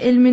il-min